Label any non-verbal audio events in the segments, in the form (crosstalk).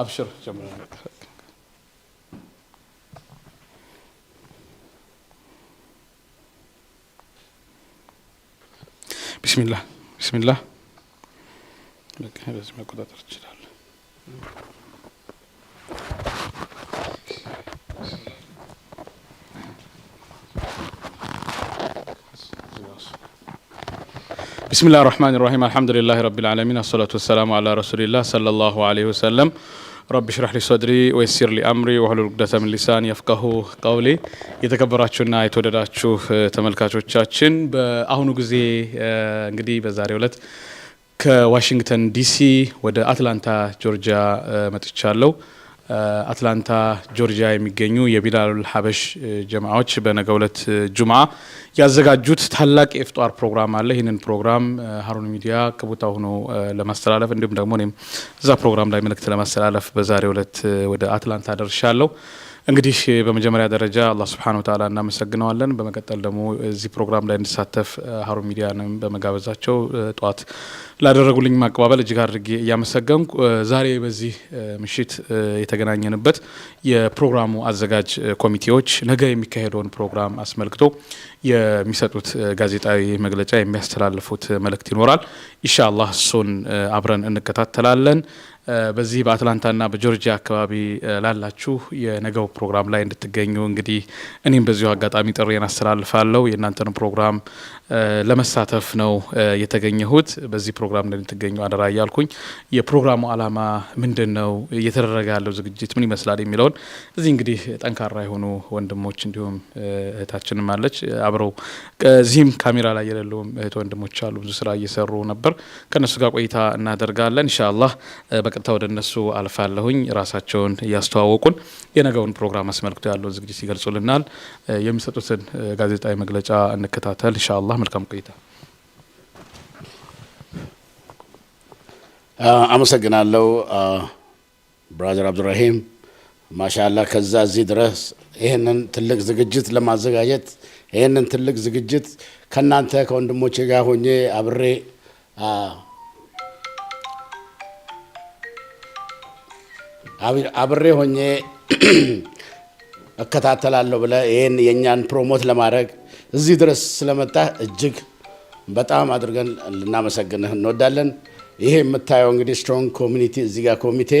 አብሽር ጀምረናል። ቢስሚላህ ቢስሚላህ በዚህ መቆጣጠር ይችላል። ቢስሚላህ ራህማን ራሂም አልሐምዱሊላህ ረቢል ዓለሚን አሰላቱ ወሰላሙ አላ ረሱሊላህ ሰለላሁ ዐለይሂ ወሰለም ረቢ ሽራህ ሊ ሶድሪ ወይሲር ሊ አምሪ ወህሉል ዑቅደተ ሚን ሊሳኒ የፍቀሁ ቀውሊ። የተከበራችሁና የተወደዳችሁ uh, ተመልካቾቻችን በአሁኑ ጊዜ uh, እንግዲህ በዛሬው ዕለት ከዋሽንግተን ዲሲ ወደ አትላንታ ጆርጂያ uh, መጥቻለሁ። አትላንታ ጆርጂያ የሚገኙ የቢላል ሀበሽ ጀማዎች በነገ ሁለት ጁምዓ ያዘጋጁት ታላቅ የፍጧር ፕሮግራም አለ። ይህንን ፕሮግራም ሀሩን ሚዲያ ከቦታ ሆኖ ለማስተላለፍ እንዲሁም ደግሞ እኔም እዛ ፕሮግራም ላይ መልእክት ለማስተላለፍ በዛሬው ዕለት ወደ አትላንታ ደርሻለሁ። እንግዲህ በመጀመሪያ ደረጃ አላህ ስብሐነሁ ወተዓላ እናመሰግነዋለን። በመቀጠል ደግሞ እዚህ ፕሮግራም ላይ እንድሳተፍ ሀሩን ሚዲያንም በመጋበዛቸው ጠዋት ላደረጉልኝ ማቀባበል እጅግ አድርጌ እያመሰገንኩ ዛሬ በዚህ ምሽት የተገናኘንበት የፕሮግራሙ አዘጋጅ ኮሚቴዎች ነገ የሚካሄደውን ፕሮግራም አስመልክቶ የሚሰጡት ጋዜጣዊ መግለጫ የሚያስተላልፉት መልእክት ይኖራል። ኢንሻ አላህ እሱን አብረን እንከታተላለን። በዚህ በአትላንታና በጆርጂያ አካባቢ ላላችሁ የነገው ፕሮግራም ላይ እንድትገኙ እንግዲህ እኔም በዚሁ አጋጣሚ ጥሬን አስተላልፋለሁ። የእናንተን ፕሮግራም ለመሳተፍ ነው የተገኘሁት። በዚህ ፕሮግራም እንድትገኙ አደራ እያልኩኝ የፕሮግራሙ ዓላማ ምንድን ነው፣ እየተደረገ ያለው ዝግጅት ምን ይመስላል የሚለውን እዚህ እንግዲህ ጠንካራ የሆኑ ወንድሞች እንዲሁም እህታችንም አለች አብረው ከዚህም ካሜራ ላይ የሌለውም እህት ወንድሞች አሉ ብዙ ስራ እየሰሩ ነበር። ከእነሱ ጋር ቆይታ እናደርጋለን ኢንሻ በቀጥታ ወደ እነሱ አልፋለሁኝ። ራሳቸውን እያስተዋወቁን የነገውን ፕሮግራም አስመልክቶ ያለውን ዝግጅት ይገልጹልናል። የሚሰጡትን ጋዜጣዊ መግለጫ እንከታተል ኢንሻአላህ። መልካም ቆይታ። አመሰግናለሁ ብራዘር አብዱራሂም ማሻላ ከዛ እዚህ ድረስ ይህንን ትልቅ ዝግጅት ለማዘጋጀት ይህንን ትልቅ ዝግጅት ከእናንተ ከወንድሞቼ ጋር ሆኜ አብሬ አብሬ ሆኜ (clears throat) እከታተላለሁ ብለ ይህን የእኛን ፕሮሞት ለማድረግ እዚህ ድረስ ስለመጣ እጅግ በጣም አድርገን ልናመሰግንህ እንወዳለን። ይሄ የምታየው እንግዲህ ስትሮንግ ኮሚኒቲ እዚህ ጋር ኮሚቴ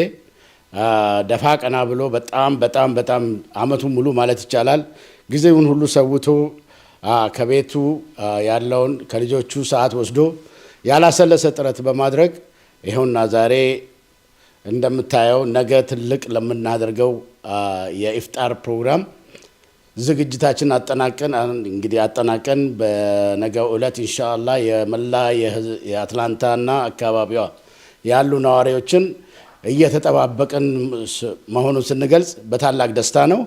ደፋ ቀና ብሎ በጣም በጣም በጣም አመቱን ሙሉ ማለት ይቻላል ጊዜውን ሁሉ ሰውቶ ከቤቱ ያለውን ከልጆቹ ሰዓት ወስዶ ያላሰለሰ ጥረት በማድረግ ይኸውና ዛሬ እንደምታየው ነገ ትልቅ ለምናደርገው የኢፍጣር ፕሮግራም ዝግጅታችን አጠናቀን እንግዲህ አጠናቀን በነገው ዕለት ኢንሻአላህ የመላ የአትላንታና አካባቢዋ ያሉ ነዋሪዎችን እየተጠባበቅን መሆኑን ስንገልጽ በታላቅ ደስታ ነው።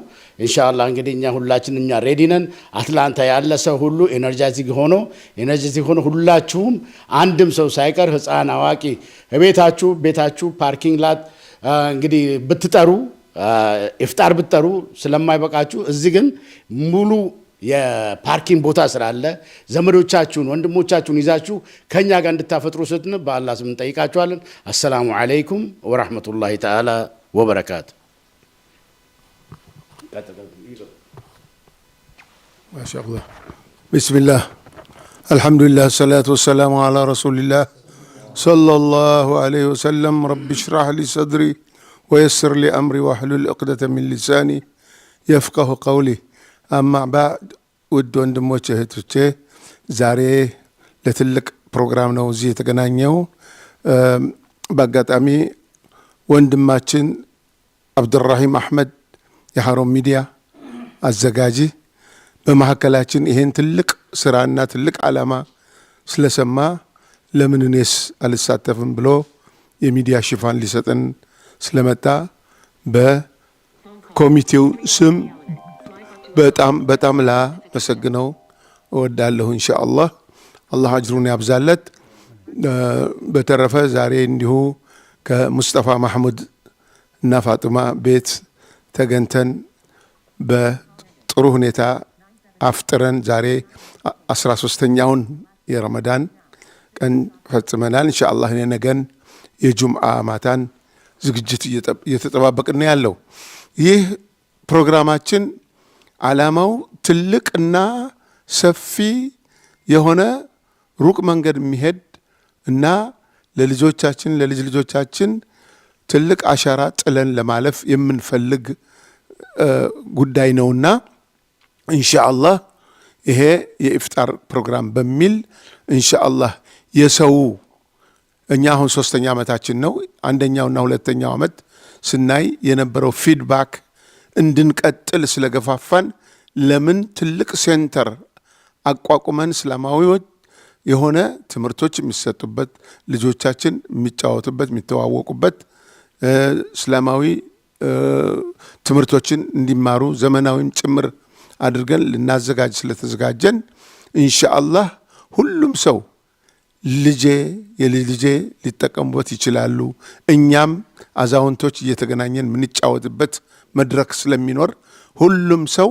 እንሻላ እንግዲህ እኛ ሁላችን እኛ ሬዲ ነን። አትላንታ ያለ ሰው ሁሉ ኤነርጃቲክ ሆኖ ኤነርጂቲክ ሆኖ ሁላችሁም አንድም ሰው ሳይቀር ሕፃን አዋቂ ቤታችሁ ቤታችሁ ፓርኪንግ ላት እንግዲህ ብትጠሩ ኢፍጣር ብትጠሩ ስለማይበቃችሁ እዚህ ግን ሙሉ የፓርኪንግ ቦታ ስላለ ዘመዶቻችሁን ወንድሞቻችሁን ይዛችሁ ከእኛ ጋር እንድታፈጥሩ ስትነ በአላህ ስም እንጠይቃችኋለን። አሰላሙ አለይኩም ወረሕመቱላሂ ተዓላ ወበረካቱ። ማሻአላህ ቢስሚላህ አልሐምዱሊላህ ሰላቱ ወሰላሙ አላ ረሱሊላህ ሰለላሁ አለይሂ ወሰለም ረቢ ሽራህ ሊ ሰድሪ ወየስር ሊ አምሪ ዋህሉል ዕቅደተ ሚን ሊሳኒ የፍቀሁ ቀውሊ አማ ውድ ወንድሞች እህቶቼ፣ ዛሬ ለትልቅ ፕሮግራም ነው እዚህ የተገናኘው። በአጋጣሚ ወንድማችን አብዱራሂም አሕመድ የሐሮን ሚዲያ አዘጋጂ በመካከላችን ይሄን ትልቅ ስራና ትልቅ ዓላማ ስለሰማ ለምን እኔስ አልሳተፍም ብሎ የሚዲያ ሽፋን ሊሰጠን ስለመጣ በኮሚቴው ስም በጣም በጣም ላመሰግነው እወዳለሁ። ኢንሻአላህ አላህ አጅሩን ያብዛለት። በተረፈ ዛሬ እንዲሁ ከሙስጠፋ ማህሙድ እና ፋጥማ ቤት ተገንተን በጥሩ ሁኔታ አፍጥረን ዛሬ አስራ ሶስተኛውን የረመዳን ቀን ፈጽመናል። እንሻአላህ ነገን የጁምዓ ማታን ዝግጅት እየተጠባበቅን ያለው ይህ ፕሮግራማችን ዓላማው ትልቅና ሰፊ የሆነ ሩቅ መንገድ የሚሄድ እና ለልጆቻችን ለልጅ ልጆቻችን ትልቅ አሻራ ጥለን ለማለፍ የምንፈልግ ጉዳይ ነውና እንሻአላህ ይሄ የኢፍጣር ፕሮግራም በሚል እንሻአላህ የሰው እኛ አሁን ሶስተኛ ዓመታችን ነው። አንደኛውና ሁለተኛው ዓመት ስናይ የነበረው ፊድባክ እንድንቀጥል ስለገፋፋን ለምን ትልቅ ሴንተር አቋቁመን እስላማዊዎች የሆነ ትምህርቶች የሚሰጡበት ልጆቻችን የሚጫወቱበት የሚተዋወቁበት እስላማዊ ትምህርቶችን እንዲማሩ ዘመናዊም ጭምር አድርገን ልናዘጋጅ ስለተዘጋጀን እንሻአላህ ሁሉም ሰው ልጄ የልጅ ልጄ ሊጠቀሙበት ይችላሉ። እኛም አዛውንቶች እየተገናኘን የምንጫወትበት መድረክ ስለሚኖር ሁሉም ሰው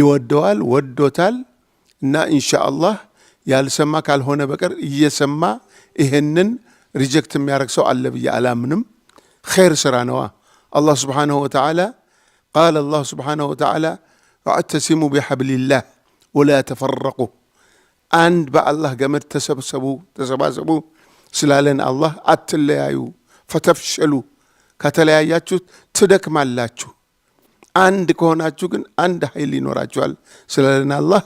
ይወደዋል፣ ወዶታል እና ኢንሻ ያልሰማ ካልሆነ በቀር እየሰማ ይሄንን ሪጀክት የሚያደርግ ሰው አለ ብዬ አላምንም። ኸይር ስራ ነዋ። አላህ ስብሓነሁ ወተዓላ ቃለ አላህ ስብሓነሁ ወተዓላ ዋዕተሲሙ ቢሐብሊላህ ወላ ተፈረቁ፣ አንድ በአላህ ገመድ ተሰብሰቡ ተሰባሰቡ ስላለን አላህ አትለያዩ፣ ፈተፍሸሉ ከተለያያችሁ ትደክማላችሁ። አንድ ከሆናችሁ ግን አንድ ኃይል ይኖራችኋል ስለለን አላህ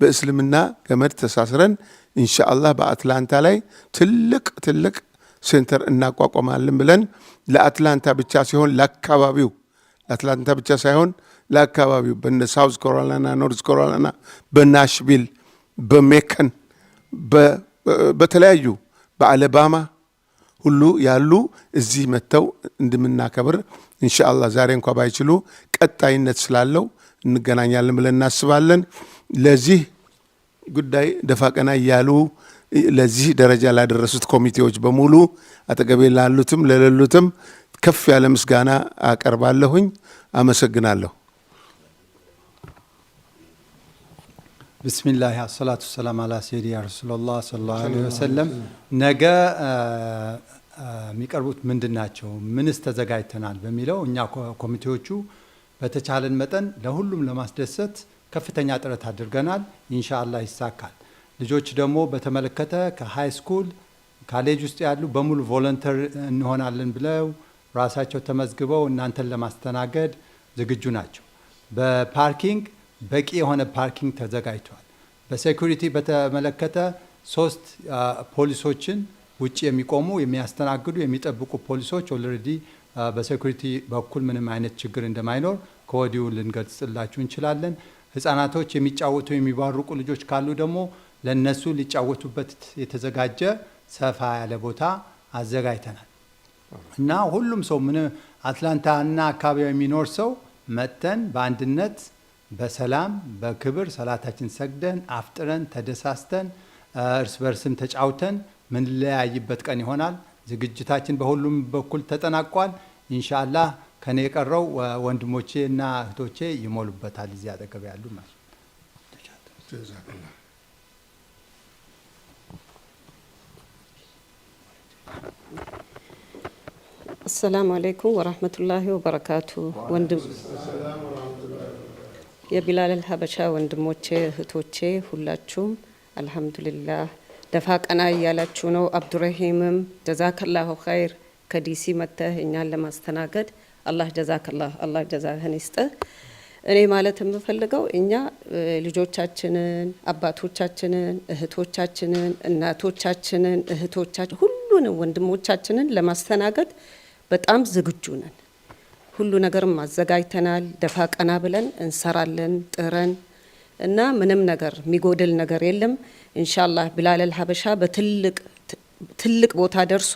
በእስልምና ገመድ ተሳስረን ኢንሻአላህ በአትላንታ ላይ ትልቅ ትልቅ ሴንተር እናቋቋማለን ብለን ለአትላንታ ብቻ ሲሆን ለአካባቢው ለአትላንታ ብቻ ሳይሆን ለአካባቢው በነ ሳውዝ ኮሮላና ኖርዝ ኮሮላና በናሽቪል፣ በሜከን፣ በተለያዩ በአለባማ ሁሉ ያሉ እዚህ መጥተው እንደምናከብር እንሻአላ ዛሬ እንኳ ባይችሉ ቀጣይነት ስላለው እንገናኛለን ብለን እናስባለን። ለዚህ ጉዳይ ደፋቀና እያሉ ለዚህ ደረጃ ላደረሱት ኮሚቴዎች በሙሉ አጠገቤ ላሉትም ለሌሉትም ከፍ ያለ ምስጋና አቀርባለሁኝ። አመሰግናለሁ። ብስሚላህ አሰላቱ ሰላም አላ ሰይድ ያ ረሱላላህ ሰለላሁ ዐለይሂ ወሰለም ነገ የሚቀርቡት ምንድን ናቸው፣ ምንስ ተዘጋጅተናል በሚለው እኛ ኮሚቴዎቹ በተቻለን መጠን ለሁሉም ለማስደሰት ከፍተኛ ጥረት አድርገናል። ኢንሻአላ ይሳካል። ልጆች ደግሞ በተመለከተ ከሃይ ስኩል ካሌጅ ውስጥ ያሉ በሙሉ ቮለንተር እንሆናለን ብለው ራሳቸው ተመዝግበው እናንተን ለማስተናገድ ዝግጁ ናቸው። በፓርኪንግ በቂ የሆነ ፓርኪንግ ተዘጋጅቷል። በሴኩሪቲ በተመለከተ ሶስት ፖሊሶችን ውጭ የሚቆሙ የሚያስተናግዱ፣ የሚጠብቁ ፖሊሶች ኦልሬዲ uh, በሴኩሪቲ በኩል ምንም አይነት ችግር እንደማይኖር ከወዲሁ ልንገልጽላችሁ እንችላለን። ህጻናቶች የሚጫወቱ የሚባርቁ ልጆች ካሉ ደግሞ ለነሱ ሊጫወቱበት የተዘጋጀ ሰፋ ያለ ቦታ አዘጋጅተናል እና ሁሉም ሰው ምን አትላንታና አካባቢው የሚኖር ሰው መጥተን በአንድነት በሰላም በክብር ሰላታችን ሰግደን አፍጥረን ተደሳስተን uh, እርስ በርስም ተጫውተን ምንለያይበት ቀን ይሆናል። ዝግጅታችን በሁሉም በኩል ተጠናቋል። ኢንሻአላህ ከኔ የቀረው ወንድሞቼ እና እህቶቼ ይሞሉበታል። እዚህ አጠገብ ያሉ ማለት አሰላሙ አለይኩም ወራህመቱላሂ ወበረካቱ። ወንድም የቢላል አልሀበሻ ወንድሞቼ እህቶቼ ሁላችሁም አልሐምዱሊላህ ደፋ ቀና እያላችሁ ነው። አብዱረሂምም ጀዛከላሁ ኸይር ከዲሲ መጥተህ እኛን ለማስተናገድ አላህ ጀዛከላህ አላህ ጀዛህን ይስጥህ። እኔ ማለት የምፈልገው እኛ ልጆቻችንን፣ አባቶቻችንን፣ እህቶቻችንን፣ እናቶቻችንን፣ እህቶቻችን ሁሉንም ወንድሞቻችንን ለማስተናገድ በጣም ዝግጁ ነን። ሁሉ ነገርም አዘጋጅተናል። ደፋ ቀና ብለን እንሰራለን ጥረን እና ምንም ነገር የሚጎድል ነገር የለም። ኢንሻላህ ቢላለል ሀበሻ በትልቅ ቦታ ደርሶ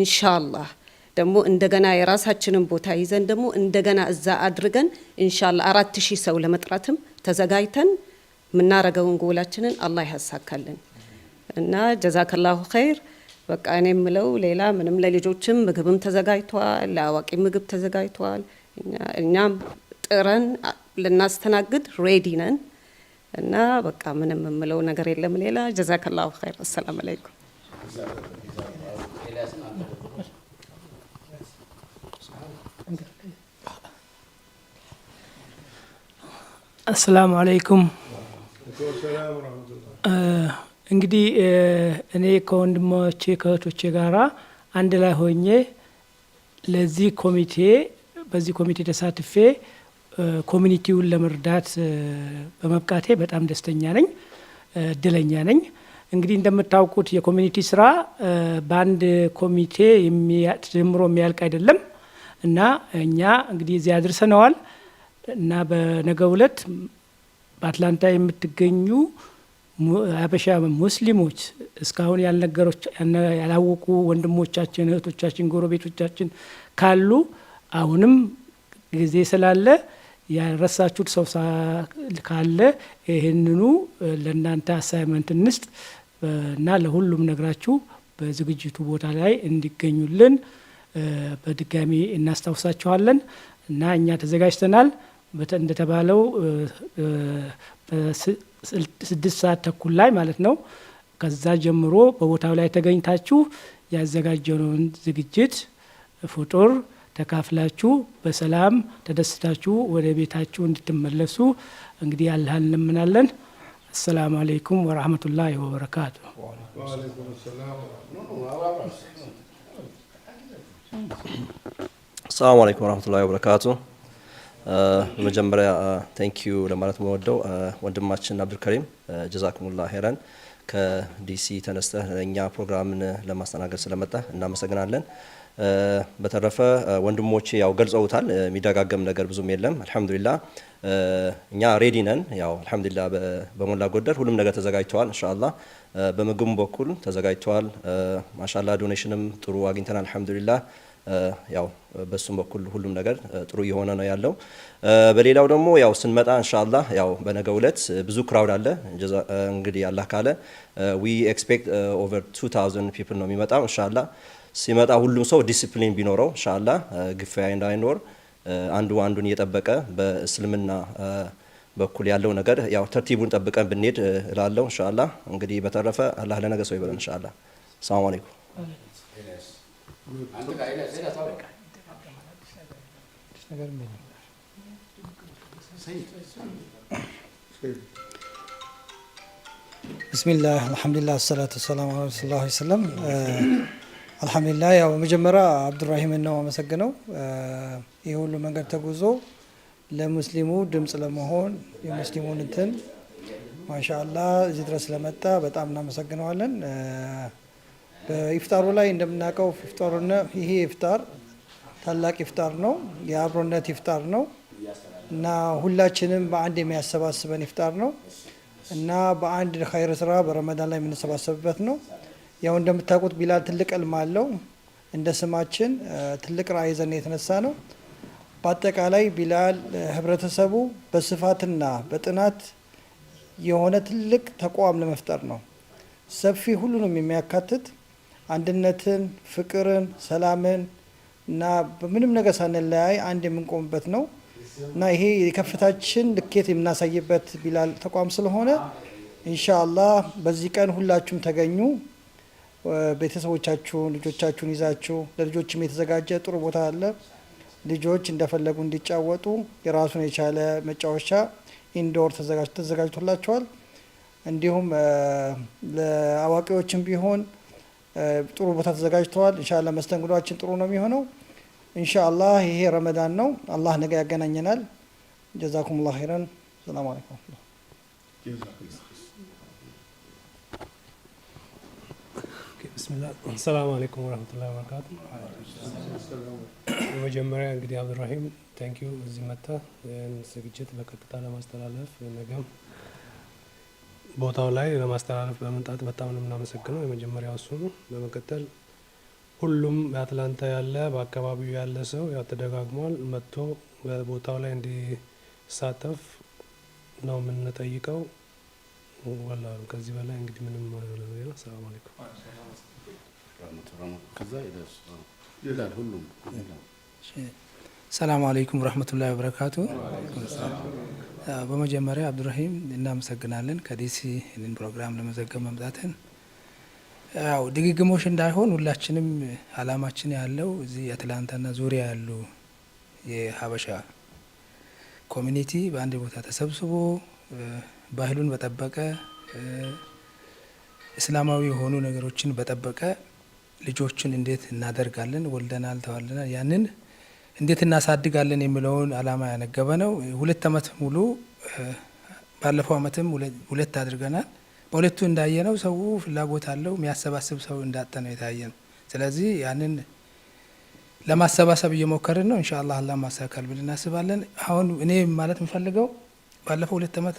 ኢንሻላህ ደግሞ እንደገና የራሳችንን ቦታ ይዘን ደግሞ እንደገና እዛ አድርገን ኢንሻላህ አራት ሺህ ሰው ለመጥራትም ተዘጋጅተን የምናረገውን ጎላችንን አላህ ያሳካልን እና ጀዛከላሁ ኸይር። በቃ እኔ የምለው ሌላ ምንም፣ ለልጆችም ምግብም ተዘጋጅቷል፣ ለአዋቂ ምግብ ተዘጋጅቷል። እኛም ጥረን ልናስተናግድ ሬዲ ነን። እና በቃ ምንም የምለው ነገር የለም ሌላ። ጀዛከላሁ ኸይር። አሰላም አለይኩም። አሰላሙ አለይኩም። እንግዲህ እኔ ከወንድሞቼ ከእህቶቼ ጋራ አንድ ላይ ሆኜ ለዚህ ኮሚቴ በዚህ ኮሚቴ ተሳትፌ ኮሚኒቲውን ለመርዳት በመብቃቴ በጣም ደስተኛ ነኝ፣ እድለኛ ነኝ። እንግዲህ እንደምታውቁት የኮሚኒቲ ስራ በአንድ ኮሚቴ ተጀምሮ የሚያልቅ አይደለም እና እኛ እንግዲህ እዚያ አድርሰነዋል እና በነገው ዕለት በአትላንታ የምትገኙ ሀበሻ ሙስሊሞች እስካሁን ያላወቁ ወንድሞቻችን፣ እህቶቻችን፣ ጎረቤቶቻችን ካሉ አሁንም ጊዜ ስላለ ያረሳችሁት ሰው ካለ ይህንኑ ለእናንተ አሳይመንት እንስጥ እና ለሁሉም ነግራችሁ በዝግጅቱ ቦታ ላይ እንዲገኙልን በድጋሚ እናስታውሳችኋለን እና እኛ ተዘጋጅተናል። እንደተባለው ስድስት ሰዓት ተኩል ላይ ማለት ነው። ከዛ ጀምሮ በቦታው ላይ ተገኝታችሁ ያዘጋጀነውን ዝግጅት ፍጡር ተካፍላችሁ በሰላም ተደስታችሁ ወደ ቤታችሁ እንድትመለሱ እንግዲህ አላህን እንለምናለን። አሰላሙ አለይኩም ወራህመቱላሂ ወበረካቱ። ሰላሙ አለይኩም ወራህመቱላሂ ወበረካቱ። በመጀመሪያ ቴንኪዩ ለማለት መወደው ወንድማችን አብዱልከሪም ጀዛኩሙላ ሄረን ከዲሲ ተነስተህ እኛ ፕሮግራምን ለማስተናገድ ስለመጣ እናመሰግናለን። በተረፈ ወንድሞቼ ያው ገልጸውታል። የሚደጋገም ነገር ብዙም የለም። አልሐምዱሊላ እኛ ሬዲ ነን። ያው አልሐምዱሊላ በሞላ ጎደል ሁሉም ነገር ተዘጋጅተዋል። እንሻላ በምግቡም በኩል ተዘጋጅተዋል። ማሻላ ዶኔሽንም ጥሩ አግኝተናል። አልሐምዱሊላ ያው በሱም በኩል ሁሉም ነገር ጥሩ እየሆነ ነው ያለው። በሌላው ደግሞ ያው ስንመጣ እንሻላ ያው በነገው ዕለት ብዙ ክራውድ አለ። እንግዲህ አላህ ካለ ዊ ኤክስፔክት ኦቨር 2000 ፒፕል ነው የሚመጣው እንሻላ ሲመጣ ሁሉም ሰው ዲሲፕሊን ቢኖረው ሻላ ግፋያ እንዳይኖር አንዱ አንዱን እየጠበቀ በእስልምና በኩል ያለው ነገር ያው ተርቲቡን ጠብቀን ብንሄድ እላለሁ ኢንሻአላህ። እንግዲህ በተረፈ አላህ ለነገ ሰው ይበለን ኢንሻአላህ። ሰላም አለይኩም። ብስሚላህ አልሐምዱሊላህ ሰላቱ ሰላም አላ ስላ ሰለም አልሐምዱሊላ ያው መጀመሪያ አብዱራሂም ነው አመሰግነው። ይህ ሁሉ መንገድ ተጉዞ ለሙስሊሙ ድምፅ ለመሆን የሙስሊሙን እንትን ማሻአላ እዚህ ድረስ ስለመጣ በጣም እናመሰግነዋለን። በኢፍጣሩ ላይ እንደምናውቀው ኢፍጣሩን ይሄ ኢፍጣር ታላቅ ኢፍጣር ነው፣ የአብሮነት ኢፍጣር ነው እና ሁላችንም በአንድ የሚያሰባስበን ኢፍጣር ነው እና በአንድ ኸይር ስራ በረመዳን ላይ የምንሰባሰብበት ነው። ያው እንደምታውቁት ቢላል ትልቅ እልም አለው። እንደ ስማችን ትልቅ ራዕይ ይዘን የተነሳ ነው። በአጠቃላይ ቢላል ህብረተሰቡ በስፋትና በጥናት የሆነ ትልቅ ተቋም ለመፍጠር ነው። ሰፊ ሁሉንም የሚያካትት አንድነትን፣ ፍቅርን፣ ሰላምን እና በምንም ነገር ሳንለያይ አንድ የምንቆምበት ነው እና ይሄ የከፍታችን ልኬት የምናሳይበት ቢላል ተቋም ስለሆነ ኢንሻ አላህ በዚህ ቀን ሁላችሁም ተገኙ። ቤተሰቦቻችሁን ልጆቻችሁን ይዛችሁ ለልጆችም የተዘጋጀ ጥሩ ቦታ አለ። ልጆች እንደፈለጉ እንዲጫወቱ የራሱን የቻለ መጫወቻ ኢንዶር ተዘጋጅቶላቸዋል። እንዲሁም ለአዋቂዎችም ቢሆን ጥሩ ቦታ ተዘጋጅተዋል። እንሻላ መስተንግዷችን ጥሩ ነው የሚሆነው። እንሻአላህ ይሄ ረመዳን ነው። አላህ ነገ ያገናኘናል። ጀዛኩም ላ ኸይረን። ሰላም አለይኩም አሰላሙ አለይኩም ወረህመቱላሂ ወበረካቱ። በመጀመሪያ እንግዲህ አብዱራሂም ታንኪዩ እዚህ መታ ዝግጅት በቀጥታ ለማስተላለፍ ነገም ቦታው ላይ ለማስተላለፍ በመምጣት በጣም ነው የምናመሰግነው። የመጀመሪያው እሱ ነው። በመቀጠል ሁሉም በአትላንታ ያለ በአካባቢው ያለ ሰው ያው ተደጋግሟል መጥቶ በቦታው ላይ እንዲሳተፍ ነው የምንጠይቀው። ወላ ከዚህ በላይ እንግዲህ ምንም ሰላም አለይኩም ይላል ሁሉም። ሰላም አለይኩም ረህመቱላሂ ወበረካቱ። በመጀመሪያ አብዱራሂም እናመሰግናለን ከዲሲ ይህንን ፕሮግራም ለመዘገብ መምጣትን። ያው ድግግሞሽ እንዳይሆን ሁላችንም አላማችን ያለው እዚህ አትላንታና ዙሪያ ያሉ የሀበሻ ኮሚኒቲ በአንድ ቦታ ተሰብስቦ ባህሉን በጠበቀ እስላማዊ የሆኑ ነገሮችን በጠበቀ ልጆችን እንዴት እናደርጋለን፣ ወልደናል፣ ተዋልናል፣ ያንን እንዴት እናሳድጋለን የሚለውን አላማ ያነገበ ነው። ሁለት አመት ሙሉ ባለፈው አመትም ሁለት አድርገናል። በሁለቱ እንዳየ ነው ሰው ፍላጎት አለው የሚያሰባስብ ሰው እንዳጠ ነው የታየ ነው። ስለዚህ ያንን ለማሰባሰብ እየሞከርን ነው። እንሻ አላህ አላህ ማሳካል ብል እናስባለን። አሁን እኔ ማለት የምፈልገው ባለፈው ሁለት አመት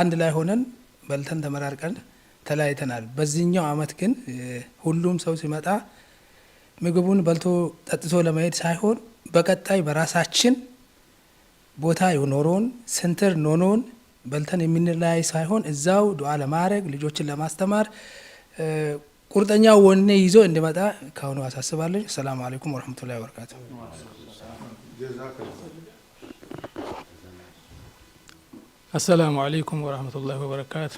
አንድ ላይ ሆነን በልተን ተመራርቀን ተለያይተናል። በዚህኛው አመት ግን ሁሉም ሰው ሲመጣ ምግቡን በልቶ ጠጥቶ ለመሄድ ሳይሆን በቀጣይ በራሳችን ቦታ ኖሮን ስንትር ኖኖን በልተን የምንለያይ ሳይሆን እዛው ዱዓ ለማድረግ ልጆችን ለማስተማር ቁርጠኛ ወኔ ይዞ እንዲመጣ ከአሁኑ አሳስባለኝ። ሰላም አለይኩም ወረህመቱላሂ ወበረካቱ። አሰላሙ አለይኩም ወረህመቱላህ ወበረካቱ።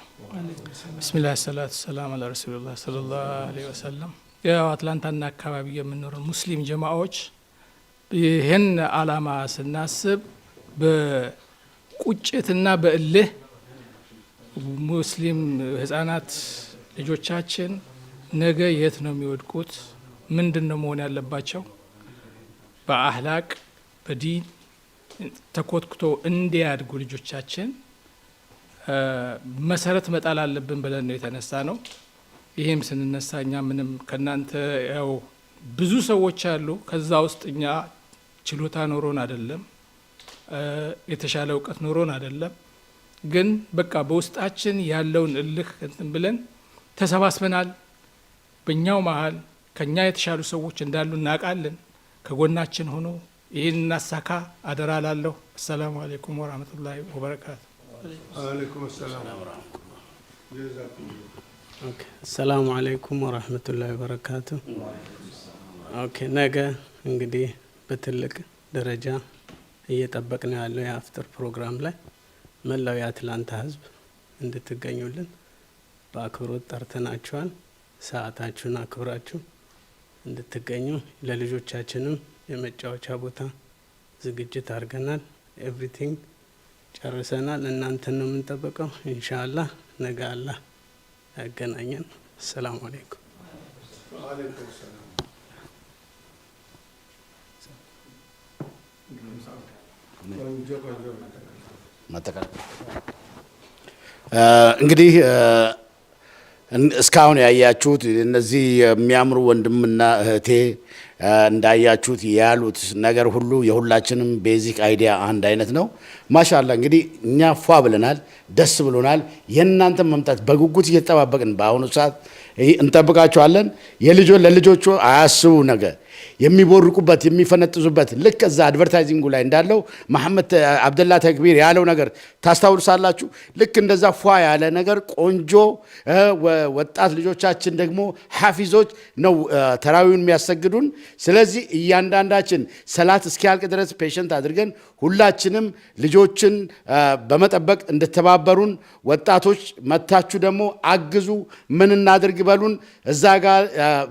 ብስሚላህ ሰላት ሰላም አላ ረሱሉላህ ሰለላሁ አለይሂ ወሰለም። ያው አትላንታና አካባቢ የምንኖር ሙስሊም ጀማዎች ይህን አላማ ስናስብ በቁጭትና በእልህ ሙስሊም ህጻናት ልጆቻችን ነገ የት ነው የሚወድቁት? ምንድን ነው መሆን ያለባቸው? በአህላቅ በዲን ተኮትኩቶ እንዲያድጉ ልጆቻችን መሰረት መጣል አለብን ብለን ነው የተነሳ ነው። ይህም ስንነሳ እኛ ምንም ከእናንተ ያው ብዙ ሰዎች አሉ። ከዛ ውስጥ እኛ ችሎታ ኖሮን አይደለም፣ የተሻለ እውቀት ኖሮን አይደለም። ግን በቃ በውስጣችን ያለውን እልህ እንትን ብለን ተሰባስበናል። በእኛው መሀል ከእኛ የተሻሉ ሰዎች እንዳሉ እናውቃለን። ከጎናችን ሆኖ ይህን እናሳካ አደራ ላለሁ። አሰላሙ አሌይኩም ወራህመቱላሂ ወበረካቱ አሰላሙ አለይኩም ወረህመቱላሂ ወበረካቱ። ነገ እንግዲህ በትልቅ ደረጃ እየጠበቅ ነው ያለው የአፍጥር ፕሮግራም ላይ መላው የአትላንታ ህዝብ እንድትገኙልን በአክብሮት ጠርተናችኋል። ሰዓታችሁን አክብራችሁ እንድትገኙ ለልጆቻችንም የመጫወቻ ቦታ ዝግጅት አድርገናል። ኤቭሪቲንግ ጨርሰናል። እናንተን ነው የምንጠበቀው እንሻላ ነገ አላ ያገናኘን። አሰላሙ አሌይኩም። እንግዲህ እስካሁን ያያችሁት እነዚህ የሚያምሩ ወንድምና እህቴ እንዳያችሁት ያሉት ነገር ሁሉ የሁላችንም ቤዚክ አይዲያ አንድ አይነት ነው። ማሻላ እንግዲህ እኛ ፏ ብለናል፣ ደስ ብሎናል። የእናንተ መምጣት በጉጉት እየተጠባበቅን በአሁኑ ሰዓት እንጠብቃችኋለን። የልጆ ለልጆቹ አያስቡ ነገር የሚቦርቁበት የሚፈነጥዙበት ልክ እዛ አድቨርታይዚንጉ ላይ እንዳለው መሐመድ አብደላ ተክቢር ያለው ነገር ታስታውሳላችሁ። ልክ እንደዛ ፏ ያለ ነገር ቆንጆ ወጣት ልጆቻችን ደግሞ ሐፊዞች ነው ተራዊውን የሚያሰግዱን። ስለዚህ እያንዳንዳችን ሰላት እስኪያልቅ ድረስ ፔሸንት አድርገን ሁላችንም ልጆችን በመጠበቅ እንድተባበሩን ወጣቶች መታችሁ ደግሞ አግዙ፣ ምን እናድርግ በሉን። እዛ ጋር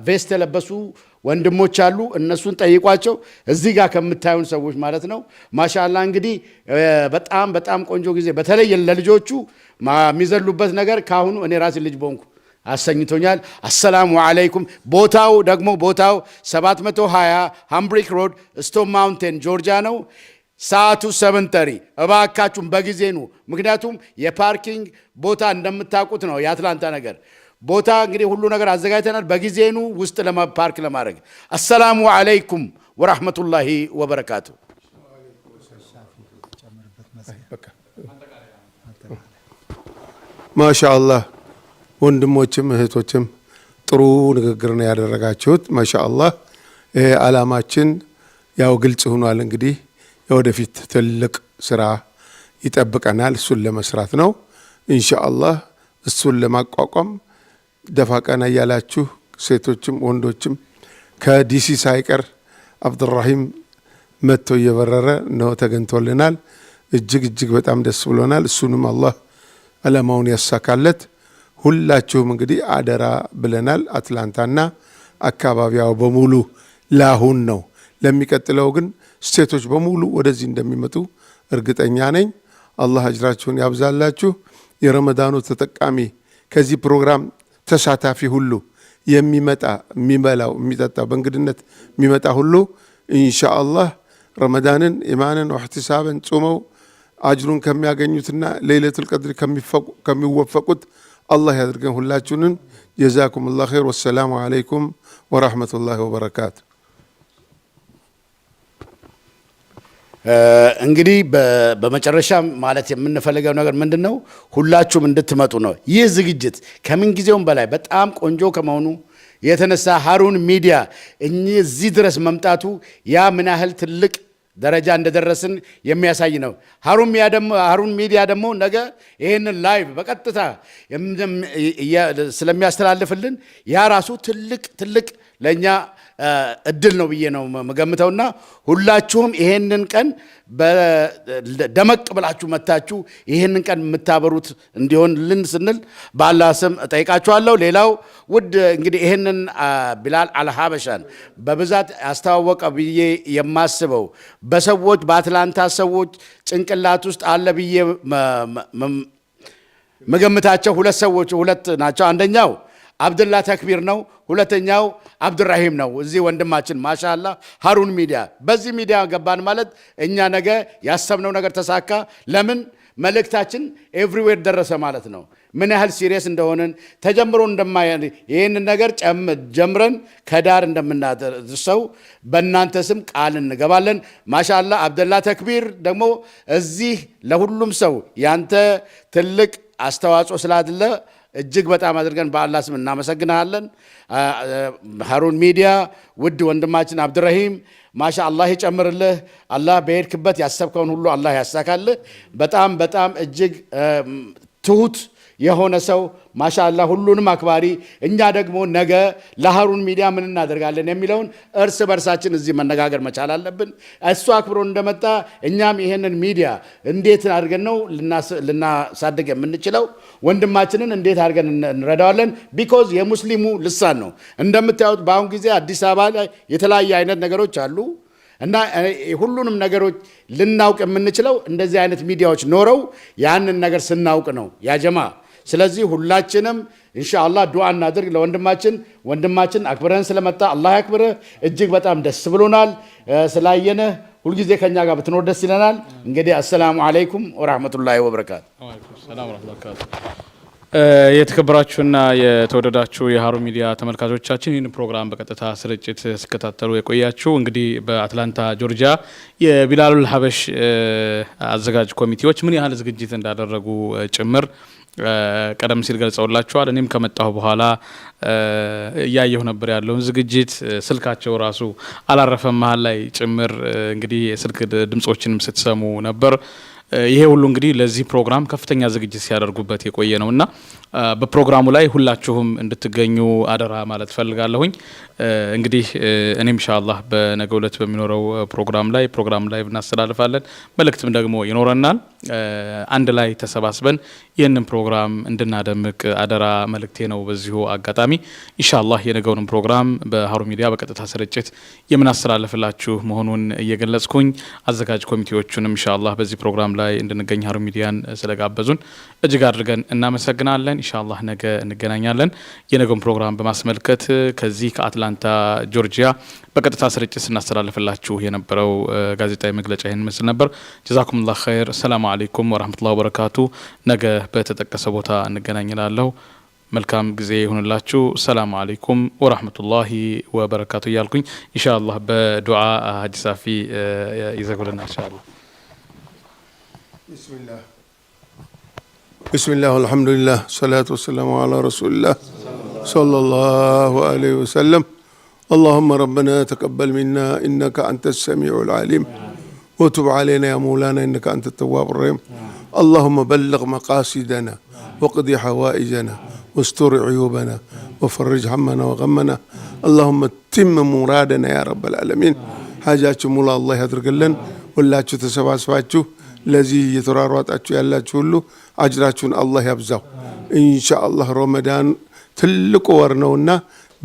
ቬስት የለበሱ ወንድሞች አሉ። እነሱን ጠይቋቸው እዚህ ጋር ከምታዩን ሰዎች ማለት ነው። ማሻላ እንግዲህ በጣም በጣም ቆንጆ ጊዜ፣ በተለይ ለልጆቹ የሚዘሉበት ነገር ከአሁኑ እኔ ራሴ ልጅ በሆንኩ አሰኝቶኛል። አሰላሙ አለይኩም። ቦታው ደግሞ ቦታው 720 ሃምብሪክ ሮድ ስቶን ማውንቴን ጆርጂያ ነው። ሰዓቱ ሰብንተሪ እባካችሁም በጊዜ ኑ። ምክንያቱም የፓርኪንግ ቦታ እንደምታውቁት ነው የአትላንታ ነገር ቦታ እንግዲህ ሁሉ ነገር አዘጋጅተናል። በጊዜኑ ውስጥ ፓርክ ለማድረግ አሰላሙ አለይኩም ወራህመቱላሂ ወበረካቱ። ማሻአላህ ወንድሞችም እህቶችም ጥሩ ንግግር ነው ያደረጋችሁት። ማሻአላህ ይሄ አላማችን ያው ግልጽ ሆኗል። እንግዲህ የወደፊት ትልቅ ስራ ይጠብቀናል። እሱን ለመስራት ነው ኢንሻአላህ እሱን ለማቋቋም ደፋ ቀና እያላችሁ ሴቶችም ወንዶችም ከዲሲ ሳይቀር አብዱራሂም መጥቶ እየበረረ ነው ተገኝቶልናል። እጅግ እጅግ በጣም ደስ ብሎናል። እሱንም አላህ አላማውን ያሳካለት። ሁላችሁም እንግዲህ አደራ ብለናል። አትላንታና አካባቢያው በሙሉ ላሁን ነው። ለሚቀጥለው ግን ሴቶች በሙሉ ወደዚህ እንደሚመጡ እርግጠኛ ነኝ። አላህ አጅራችሁን ያብዛላችሁ። የረመዳኑ ተጠቃሚ ከዚህ ፕሮግራም ተሳታፊ ሁሉ የሚመጣ የሚበላው የሚጠጣው በእንግድነት የሚመጣ ሁሉ ኢንሻአላህ ረመዳንን ኢማንን ወእሕቲሳብን ጾመው አጅሩን ከሚያገኙትና ለይለቱል ቀድር ከሚወፈቁት አላህ ያድርገን ሁላችሁንን። ጀዛኩም ላ ኸይር። ወሰላሙ ዓለይኩም ወረሕመቱላሂ ወበረካቱ። እንግዲህ በመጨረሻ ማለት የምንፈልገው ነገር ምንድን ነው? ሁላችሁም እንድትመጡ ነው። ይህ ዝግጅት ከምን ጊዜውም በላይ በጣም ቆንጆ ከመሆኑ የተነሳ ሀሩን ሚዲያ እዚህ ድረስ መምጣቱ ያ ምን ያህል ትልቅ ደረጃ እንደደረስን የሚያሳይ ነው። ሀሩን ሚዲያ ደግሞ ነገ ይህንን ላይቭ በቀጥታ ስለሚያስተላልፍልን ያ ራሱ ትልቅ ትልቅ ለእኛ እድል ነው ብዬ ነው የምገምተውና ሁላችሁም ይሄንን ቀን ደመቅ ብላችሁ መታችሁ ይሄንን ቀን የምታበሩት እንዲሆንልን ስንል ባላ ስም እጠይቃችኋለሁ። ሌላው ውድ እንግዲህ ይሄንን ቢላል አልሀበሻን በብዛት ያስተዋወቀ ብዬ የማስበው በሰዎች በአትላንታ ሰዎች ጭንቅላት ውስጥ አለ ብዬ መገምታቸው ሁለት ሰዎች ሁለት ናቸው። አንደኛው አብደላ ተክቢር ነው። ሁለተኛው አብድራሂም ነው። እዚህ ወንድማችን ማሻላ ሀሩን ሚዲያ። በዚህ ሚዲያ ገባን ማለት እኛ ነገ ያሰብነው ነገር ተሳካ። ለምን መልእክታችን ኤቭሪዌር ደረሰ ማለት ነው። ምን ያህል ሲሪየስ እንደሆንን ተጀምሮ ይህንን ነገር ጀምረን ከዳር እንደምናደርሰው በእናንተ ስም ቃል እንገባለን። ማሻላ አብደላ ተክቢር ደግሞ እዚህ ለሁሉም ሰው ያንተ ትልቅ አስተዋጽኦ ስላለ እጅግ በጣም አድርገን በአላ ስም እናመሰግናለን። ሀሩን ሚዲያ ውድ ወንድማችን አብድረሂም ማሻ አላህ ይጨምርልህ። አላህ በሄድክበት ያሰብከውን ሁሉ አላህ ያሳካልህ። በጣም በጣም እጅግ ትሁት የሆነ ሰው ማሻላ ሁሉንም አክባሪ፣ እኛ ደግሞ ነገ ለሀሩን ሚዲያ ምን እናደርጋለን የሚለውን እርስ በርሳችን እዚህ መነጋገር መቻል አለብን። እሱ አክብሮ እንደመጣ እኛም ይሄንን ሚዲያ እንዴት አድርገን ነው ልናሳድግ የምንችለው? ወንድማችንን እንዴት አድርገን እንረዳዋለን? ቢኮዝ የሙስሊሙ ልሳን ነው። እንደምታዩት በአሁን ጊዜ አዲስ አበባ ላይ የተለያየ አይነት ነገሮች አሉ እና ሁሉንም ነገሮች ልናውቅ የምንችለው እንደዚህ አይነት ሚዲያዎች ኖረው ያንን ነገር ስናውቅ ነው ያጀማ ስለዚህ ሁላችንም እንሻአላ ዱዓ እናድርግ ለወንድማችን። ወንድማችን አክብረን ስለመጣ አላህ ያክብርህ። እጅግ በጣም ደስ ብሎናል ስላየነ ሁልጊዜ ከኛ ጋር ብትኖር ደስ ይለናል። እንግዲህ አሰላሙ አለይኩም ወራህመቱላሂ ወበረካቱ። የተከበራችሁና የተወደዳችሁ የሀሩን ሚዲያ ተመልካቾቻችን ይህን ፕሮግራም በቀጥታ ስርጭት ሲከታተሉ የቆያችሁ እንግዲህ በአትላንታ ጆርጂያ የቢላሉል ሀበሽ አዘጋጅ ኮሚቴዎች ምን ያህል ዝግጅት እንዳደረጉ ጭምር ቀደም ሲል ገልጸውላችኋል። እኔም ከመጣሁ በኋላ እያየሁ ነበር ያለውን ዝግጅት። ስልካቸው ራሱ አላረፈም መሀል ላይ ጭምር እንግዲህ የስልክ ድምጾችንም ስትሰሙ ነበር። ይሄ ሁሉ እንግዲህ ለዚህ ፕሮግራም ከፍተኛ ዝግጅት ሲያደርጉበት የቆየ ነው እና በፕሮግራሙ ላይ ሁላችሁም እንድትገኙ አደራ ማለት ፈልጋለሁኝ። እንግዲህ እኔ ኢንሻአላህ በነገ ዕለት በሚኖረው ፕሮግራም ላይ ፕሮግራም ላይ እናስተላልፋለን። መልእክትም ደግሞ ይኖረናል። አንድ ላይ ተሰባስበን ይህንን ፕሮግራም እንድናደምቅ አደራ መልእክቴ ነው። በዚሁ አጋጣሚ ኢንሻአላህ የነገውንም ፕሮግራም በሀሩ ሚዲያ በቀጥታ ስርጭት የምናስተላልፍላችሁ መሆኑን እየገለጽኩኝ አዘጋጅ ኮሚቴዎቹንም ኢንሻአላህ በዚህ ፕሮግራም ላይ እንድንገኝ ሀሩ ሚዲያን ስለጋበዙን እጅግ አድርገን እናመሰግናለን። እናደርጋለን። ኢንሻአላህ ነገ እንገናኛለን። የነገውን ፕሮግራም በማስመልከት ከዚህ ከአትላንታ ጆርጂያ በቀጥታ ስርጭት ስናስተላልፍላችሁ የነበረው ጋዜጣዊ መግለጫ ይህን ምስል ነበር። ጀዛኩሙላህ ኸይር። ሰላሙ አሌይኩም ወረህመቱላህ ወበረካቱ። ነገ በተጠቀሰ ቦታ እንገናኝላለሁ። መልካም ጊዜ ይሁንላችሁ። ሰላሙ አሌይኩም ወረህመቱላሂ ወበረካቱ እያልኩኝ ኢንሻአላህ በዱዓ ሀጂ ሳፊ ይዘጉልና ኢንሻአላህ بسم الله والحمد لله والصلاة والسلام على رسول الله صلى الله عليه وسلم اللهم ربنا تقبل منا إنك أنت السميع العليم وتب علينا يا مولانا إنك أنت التواب الرحيم اللهم بلغ مقاصدنا واقضي حوائجنا واستر عيوبنا وفرج همنا وغمنا اللهم تم مرادنا يا رب العالمين حاجات حاجاتكم الله يهدر قلن ولا تسوى سواتكم ለዚህ እየተሯሯጣችሁ ያላችሁ ሁሉ አጅራችሁን አላህ ያብዛው። ኢንሻአላህ ረመዳን ትልቁ ወር ነውና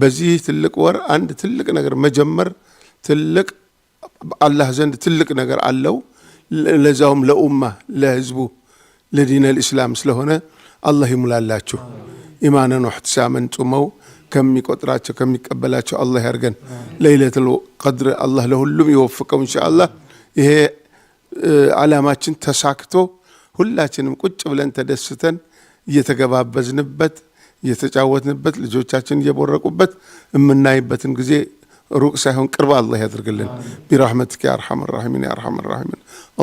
በዚህ ትልቅ ወር አንድ ትልቅ ነገር መጀመር ትልቅ አላህ ዘንድ ትልቅ ነገር አለው። ለዛውም ለኡማ ለህዝቡ ለዲን አልእስላም ስለሆነ አላህ ይሙላላችሁ። ኢማንን ወሕትሳምን ጹመው ከሚቆጥራቸው ከሚቀበላቸው አላህ ያርገን። ለይለቱል ቀድር አላህ ለሁሉም ይወፍቀው። ኢንሻአላህ ይሄ ዓላማችን ተሳክቶ ሁላችንም ቁጭ ብለን ተደስተን እየተገባበዝንበት እየተጫወትንበት ልጆቻችን እየቦረቁበት የምናይበትን ጊዜ ሩቅ ሳይሆን ቅርብ አላህ ያድርግልን። ቢራሕመትከ አርሐም ራሒሚን ያ ራሒሚን